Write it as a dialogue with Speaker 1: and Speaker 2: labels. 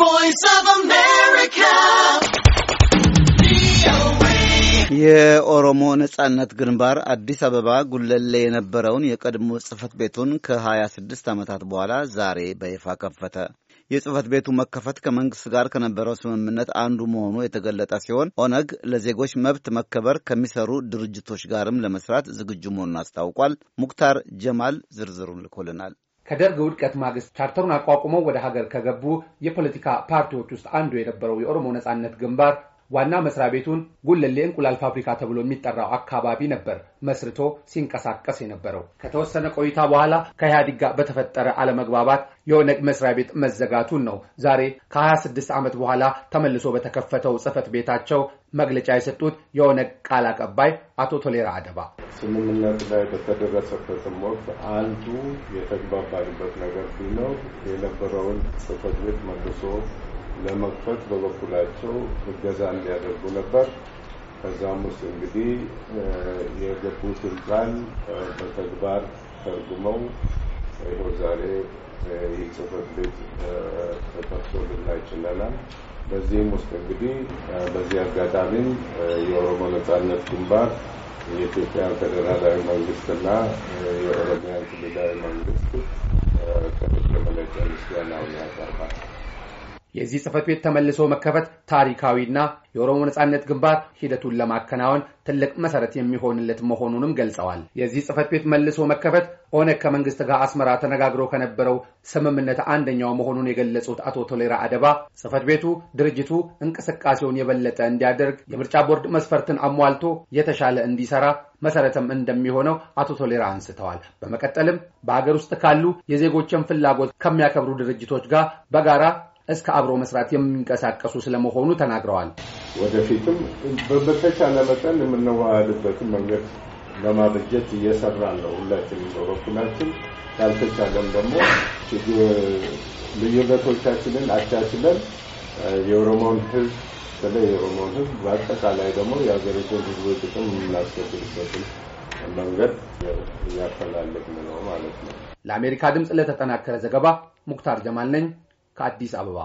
Speaker 1: voice of America.
Speaker 2: የኦሮሞ ነጻነት ግንባር አዲስ አበባ ጉለሌ የነበረውን የቀድሞ ጽህፈት ቤቱን ከ26 ዓመታት በኋላ ዛሬ በይፋ ከፈተ። የጽህፈት ቤቱ መከፈት ከመንግስት ጋር ከነበረው ስምምነት አንዱ መሆኑ የተገለጠ ሲሆን ኦነግ ለዜጎች መብት መከበር ከሚሰሩ ድርጅቶች ጋርም ለመስራት ዝግጁ መሆኑን አስታውቋል። ሙክታር ጀማል ዝርዝሩን ልኮልናል። ከደርግ ውድቀት ማግስት ቻርተሩን አቋቁመው ወደ ሀገር ከገቡ
Speaker 3: የፖለቲካ ፓርቲዎች ውስጥ አንዱ የነበረው የኦሮሞ ነጻነት ግንባር ዋና መስሪያ ቤቱን ጉልሌ እንቁላል ፋብሪካ ተብሎ የሚጠራው አካባቢ ነበር መስርቶ ሲንቀሳቀስ የነበረው። ከተወሰነ ቆይታ በኋላ ከኢህአዴግ ጋር በተፈጠረ አለመግባባት የኦነግ መስሪያ ቤት መዘጋቱን ነው ዛሬ ከ26 ዓመት በኋላ ተመልሶ በተከፈተው ጽህፈት ቤታቸው መግለጫ የሰጡት የኦነግ ቃል አቀባይ አቶ ቶሌራ አደባ።
Speaker 1: ስምምነት ላይ በተደረሰበትም ወቅት አንዱ የተግባባንበት ነገር ቢኖር የነበረውን ጽህፈት ቤት መልሶ ለመክፈት በበኩላቸው እገዛ እንዲያደርጉ ነበር። ከዛም ውስጥ እንግዲህ የገቡትን ቃል በተግባር ተርጉመው ይኸው ዛሬ ይህ ጽህፈት ቤት ተከፍቶልና ይችለናል። በዚህም ውስጥ እንግዲህ በዚህ አጋጣሚ የኦሮሞ ነጻነት ግንባር የኢትዮጵያ ፌዴራላዊ መንግስትና የኦሮሚያን ክልላዊ መንግስት ከፍለ መለጫ ምስጋናውን ያቀርባል።
Speaker 3: የዚህ ጽህፈት ቤት ተመልሶ መከፈት ታሪካዊና የኦሮሞ ነጻነት ግንባር ሂደቱን ለማከናወን ትልቅ መሰረት የሚሆንለት መሆኑንም ገልጸዋል። የዚህ ጽህፈት ቤት መልሶ መከፈት ኦነግ ከመንግስት ጋር አስመራ ተነጋግሮ ከነበረው ስምምነት አንደኛው መሆኑን የገለጹት አቶ ቶሌራ አደባ ጽህፈት ቤቱ ድርጅቱ እንቅስቃሴውን የበለጠ እንዲያደርግ የምርጫ ቦርድ መስፈርትን አሟልቶ የተሻለ እንዲሰራ መሰረትም እንደሚሆነው አቶ ቶሌራ አንስተዋል። በመቀጠልም በሀገር ውስጥ ካሉ የዜጎችን ፍላጎት ከሚያከብሩ ድርጅቶች ጋር በጋራ እስከ አብሮ መስራት የሚንቀሳቀሱ ስለመሆኑ ተናግረዋል። ወደፊትም
Speaker 1: በተቻለ መጠን የምንዋሃድበትን መንገድ ለማበጀት እየሰራ ነው። ሁላችን በበኩላችን ካልተቻለም ደግሞ ልዩነቶቻችንን አቻችለን የኦሮሞን ህዝብ በተለይ የኦሮሞን ህዝብ በአጠቃላይ ደግሞ የሀገሪቱን
Speaker 3: ህዝቦች ጥቅም የምናስከብርበትን መንገድ እያፈላለግን ነው ማለት ነው። ለአሜሪካ ድምፅ ለተጠናከረ ዘገባ ሙክታር ጀማል ነኝ። ከአዲስ አበባ